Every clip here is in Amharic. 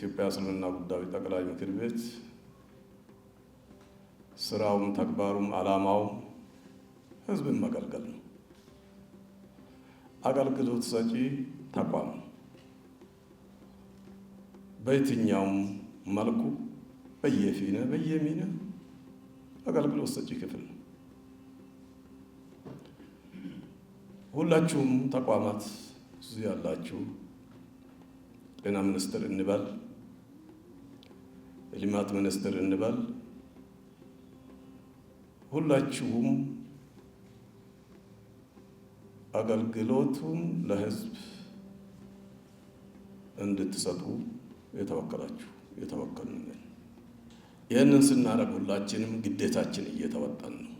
ኢትዮጵያ እስልምና ጉዳዮች ጠቅላይ ምክር ቤት ስራውም ተግባሩም አላማውም ህዝብን መገልገል ነው። አገልግሎት ሰጪ ተቋም በየትኛውም መልኩ በየፊነ በየሚነ አገልግሎት ሰጪ ክፍል ነው። ሁላችሁም ተቋማት እዚህ ያላችሁ ጤና ሚኒስትር እንበል ልማት ሚኒስትር እንበል ሁላችሁም አገልግሎቱን ለህዝብ እንድትሰጡ የተወከላችሁ የተወከልንን። ይህንን ስናደርግ ሁላችንም ግዴታችን እየተወጣን ነው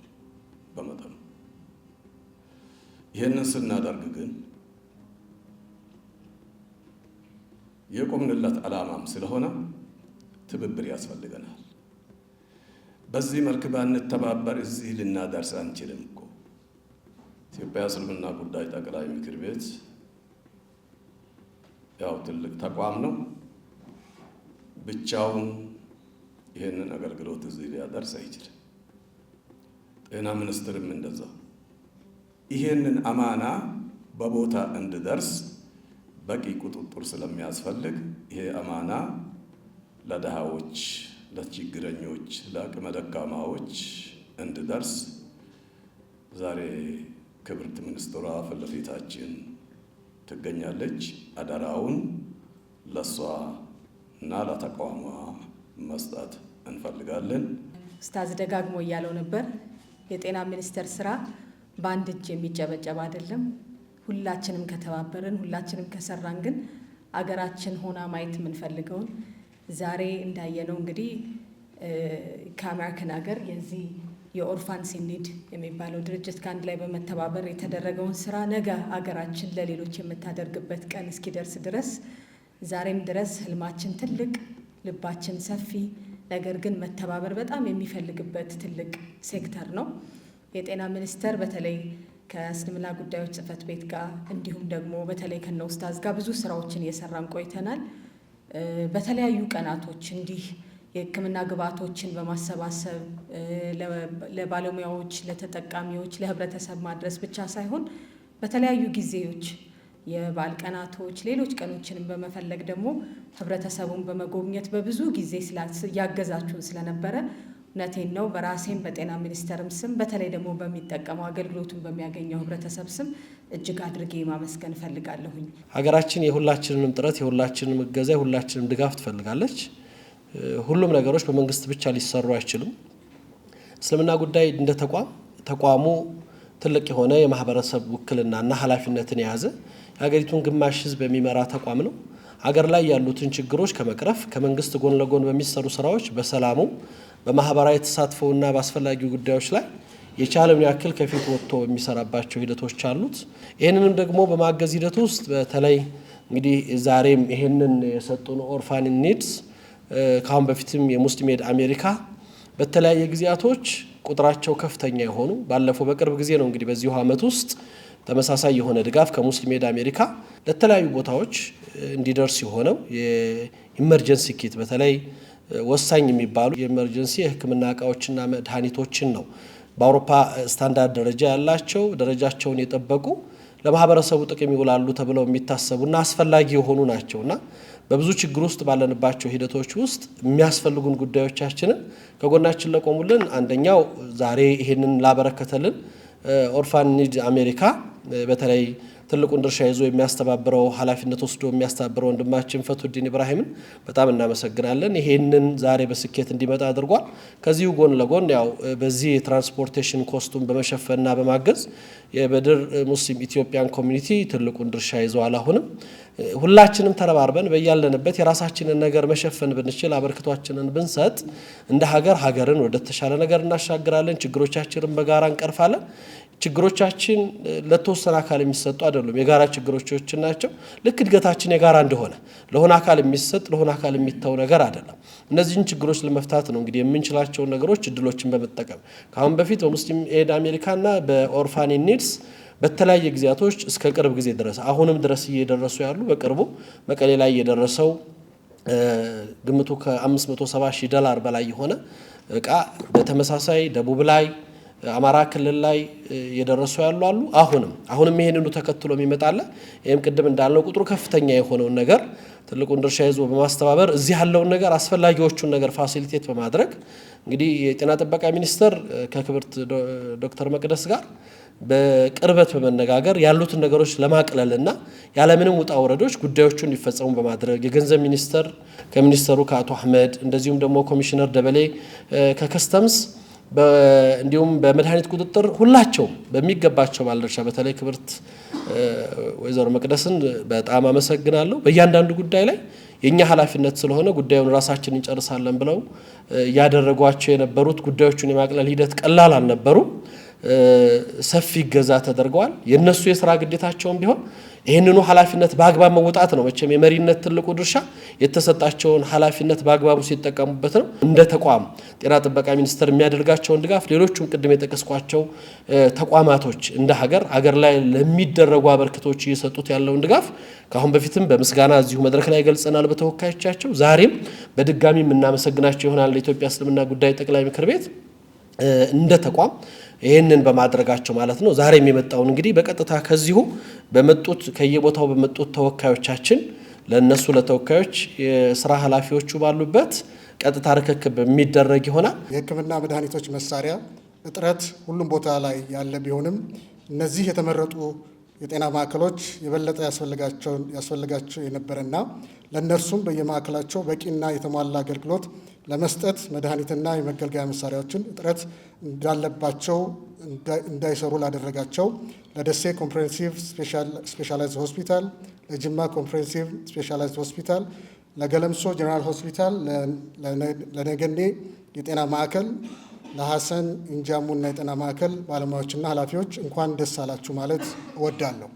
በመጠኑ። ይህንን ስናደርግ ግን የቆምንለት ዓላማም ስለሆነ ትብብር ያስፈልገናል። በዚህ መልክ ባንተባበር እዚህ ልናደርስ አንችልም እኮ። ኢትዮጵያ እስልምና ጉዳይ ጠቅላይ ምክር ቤት ያው ትልቅ ተቋም ነው። ብቻውን ይህንን አገልግሎት እዚህ ሊያደርስ አይችልም። ጤና ሚኒስትርም እንደዛው። ይህንን አማና በቦታ እንድደርስ በቂ ቁጥጥር ስለሚያስፈልግ ይሄ አማና ለድሃዎች፣ ለችግረኞች፣ ለአቅመ ደካማዎች እንድደርስ ዛሬ ክብርት ሚኒስትሯ ፊት ለፊታችን ትገኛለች። አደራውን ለእሷ እና ለተቋሟ መስጠት እንፈልጋለን። ስታዝ ደጋግሞ እያለው ነበር፣ የጤና ሚኒስቴር ስራ በአንድ እጅ የሚጨበጨብ አይደለም። ሁላችንም ከተባበርን፣ ሁላችንም ከሰራን ግን አገራችን ሆና ማየት የምንፈልገውን ዛሬ እንዳየነው እንግዲህ ከአሜሪካን ሀገር የዚህ የኦርፋን ሲኒድ የሚባለው ድርጅት ከአንድ ላይ በመተባበር የተደረገውን ስራ ነገ አገራችን ለሌሎች የምታደርግበት ቀን እስኪደርስ ድረስ ዛሬም ድረስ ህልማችን ትልቅ፣ ልባችን ሰፊ፣ ነገር ግን መተባበር በጣም የሚፈልግበት ትልቅ ሴክተር ነው። የጤና ሚኒስቴር በተለይ ከእስልምና ጉዳዮች ጽህፈት ቤት ጋር እንዲሁም ደግሞ በተለይ ከነ ኡስታዝ ጋር ብዙ ስራዎችን እየሰራን ቆይተናል። በተለያዩ ቀናቶች እንዲህ የሕክምና ግብዓቶችን በማሰባሰብ ለባለሙያዎች፣ ለተጠቃሚዎች፣ ለህብረተሰብ ማድረስ ብቻ ሳይሆን በተለያዩ ጊዜዎች የበዓል ቀናቶች፣ ሌሎች ቀኖችንም በመፈለግ ደግሞ ህብረተሰቡን በመጎብኘት በብዙ ጊዜ እያገዛችሁን ስለነበረ ነቴን ነው በራሴም በጤና ሚኒስቴርም ስም በተለይ ደግሞ በሚጠቀመው አገልግሎቱን በሚያገኘው ህብረተሰብ ስም እጅግ አድርጌ ማመስገን እፈልጋለሁኝ። ሀገራችን የሁላችንንም ጥረት የሁላችንም እገዛ የሁላችንም ድጋፍ ትፈልጋለች። ሁሉም ነገሮች በመንግስት ብቻ ሊሰሩ አይችሉም። እስልምና ጉዳይ እንደ ተቋም ተቋሙ ትልቅ የሆነ የማህበረሰብ ውክልናና ኃላፊነትን የያዘ የሀገሪቱን ግማሽ ህዝብ የሚመራ ተቋም ነው። አገር ላይ ያሉትን ችግሮች ከመቅረፍ ከመንግስት ጎን ለጎን በሚሰሩ ስራዎች በሰላሙ በማህበራዊ ተሳትፎና በአስፈላጊ ጉዳዮች ላይ የቻለውን ያክል ከፊት ወጥቶ የሚሰራባቸው ሂደቶች አሉት። ይህንንም ደግሞ በማገዝ ሂደት ውስጥ በተለይ እንግዲህ ዛሬም ይህንን የሰጡን ኦርፋን ኒድስ ከአሁን በፊትም የሙስሊም ኤድ አሜሪካ በተለያየ ጊዜያቶች ቁጥራቸው ከፍተኛ የሆኑ ባለፈው በቅርብ ጊዜ ነው እንግዲህ በዚሁ ዓመት ውስጥ ተመሳሳይ የሆነ ድጋፍ ከሙስሊም ኤድ አሜሪካ ለተለያዩ ቦታዎች እንዲደርስ የሆነው የኢመርጀንሲ ኪት በተለይ ወሳኝ የሚባሉ የኢመርጀንሲ የሕክምና እቃዎችና መድኃኒቶችን ነው በአውሮፓ ስታንዳርድ ደረጃ ያላቸው ደረጃቸውን የጠበቁ ለማህበረሰቡ ጥቅም ይውላሉ ተብለው የሚታሰቡና አስፈላጊ የሆኑ ናቸውና በብዙ ችግር ውስጥ ባለንባቸው ሂደቶች ውስጥ የሚያስፈልጉን ጉዳዮቻችንን ከጎናችን ለቆሙልን አንደኛው ዛሬ ይሄንን ላበረከተልን ኦርፋን ኒድ አሜሪካ በተለይ ትልቁን ድርሻ ይዞ የሚያስተባብረው ኃላፊነት ወስዶ የሚያስተባብረው ወንድማችን ፈቱዲን ኢብራሂምን በጣም እናመሰግናለን። ይሄንን ዛሬ በስኬት እንዲመጣ አድርጓል። ከዚሁ ጎን ለጎን ያው በዚህ የትራንስፖርቴሽን ኮስቱን በመሸፈንና በማገዝ የበድር ሙስሊም ኢትዮጵያን ኮሚኒቲ ትልቁን ድርሻ ይዘዋል። አሁንም ሁላችንም ተረባርበን በያለንበት የራሳችንን ነገር መሸፈን ብንችል አበርክቷችንን ብንሰጥ እንደ ሀገር ሀገርን ወደ ተሻለ ነገር እናሻግራለን። ችግሮቻችንን በጋራ እንቀርፋለን። ችግሮቻችን ለተወሰነ አካል የሚሰጡ አይደሉም፣ የጋራ ችግሮቻችን ናቸው። ልክ እድገታችን የጋራ እንደሆነ ለሆነ አካል የሚሰጥ ለሆነ አካል የሚተው ነገር አይደለም። እነዚህን ችግሮች ለመፍታት ነው እንግዲህ የምንችላቸውን ነገሮች እድሎችን በመጠቀም ከአሁን በፊት በሙስሊም ኤድ አሜሪካና በኦርፋኒ ኒድስ በተለያየ ጊዜያቶች እስከ ቅርብ ጊዜ ድረስ አሁንም ድረስ እየደረሱ ያሉ በቅርቡ መቀሌ ላይ የደረሰው ግምቱ ከ570 ሺህ ዶላር በላይ የሆነ እቃ በተመሳሳይ ደቡብ ላይ አማራ ክልል ላይ እየደረሱ ያሉ አሉ። አሁንም አሁንም ይሄንኑ ተከትሎ የሚመጣለ ይህም ቅድም እንዳልነው ቁጥሩ ከፍተኛ የሆነውን ነገር ትልቁን ድርሻ ይዞ በማስተባበር እዚህ ያለውን ነገር አስፈላጊዎቹን ነገር ፋሲሊቴት በማድረግ እንግዲህ የጤና ጥበቃ ሚኒስቴር ከክብርት ዶክተር መቅደስ ጋር በቅርበት በመነጋገር ያሉትን ነገሮች ለማቅለልና ያለምንም ውጣ ውረዶች ጉዳዮቹ እንዲፈጸሙ በማድረግ የገንዘብ ሚኒስቴር ከሚኒስተሩ ከአቶ አህመድ እንደዚሁም ደግሞ ኮሚሽነር ደበሌ ከከስተምስ እንዲሁም በመድኃኒት ቁጥጥር ሁላቸውም በሚገባቸው ባለድርሻ በተለይ ክብርት ወይዘሮ መቅደስን በጣም አመሰግናለሁ። በእያንዳንዱ ጉዳይ ላይ የእኛ ኃላፊነት ስለሆነ ጉዳዩን ራሳችን እንጨርሳለን ብለው ያደረጓቸው የነበሩት ጉዳዮቹን የማቅለል ሂደት ቀላል አልነበሩ። ሰፊ እገዛ ተደርገዋል። የእነሱ የስራ ግዴታቸውም ቢሆን ይህንኑ ኃላፊነት በአግባብ መውጣት ነው። መቼም የመሪነት ትልቁ ድርሻ የተሰጣቸውን ኃላፊነት በአግባቡ ሲጠቀሙበት ነው። እንደ ተቋም ጤና ጥበቃ ሚኒስቴር የሚያደርጋቸውን ድጋፍ ሌሎቹም ቅድም የጠቀስኳቸው ተቋማቶች እንደ ሀገር አገር ላይ ለሚደረጉ አበርክቶች እየሰጡት ያለውን ድጋፍ ከአሁን በፊትም በምስጋና እዚሁ መድረክ ላይ ገልጸናል በተወካዮቻቸው ዛሬም በድጋሚ የምናመሰግናቸው ይሆናል ለኢትዮጵያ እስልምና ጉዳይ ጠቅላይ ምክር ቤት እንደ ተቋም ይህንን በማድረጋቸው ማለት ነው። ዛሬ የሚመጣውን እንግዲህ በቀጥታ ከዚሁ በመጡት ከየቦታው በመጡት ተወካዮቻችን ለእነሱ ለተወካዮች የስራ ኃላፊዎቹ ባሉበት ቀጥታ ርክክብ የሚደረግ ይሆናል። የሕክምና መድኃኒቶች መሳሪያ እጥረት ሁሉም ቦታ ላይ ያለ ቢሆንም እነዚህ የተመረጡ የጤና ማዕከሎች የበለጠ ያስፈልጋቸው የነበረና ለእነርሱም በየማዕከላቸው በቂና የተሟላ አገልግሎት ለመስጠት መድኃኒትና የመገልገያ መሳሪያዎችን እጥረት እንዳለባቸው እንዳይሰሩ ላደረጋቸው ለደሴ ኮምፕሬሄንሲቭ ስፔሻላይዝድ ሆስፒታል፣ ለጅማ ኮምፕሬሄንሲቭ ስፔሻላይዝ ሆስፒታል፣ ለገለምሶ ጀነራል ሆስፒታል፣ ለነገኔ የጤና ማዕከል፣ ለሐሰን እንጃሙና የጤና ማዕከል ባለሙያዎችና ኃላፊዎች እንኳን ደስ አላችሁ ማለት እወዳለሁ።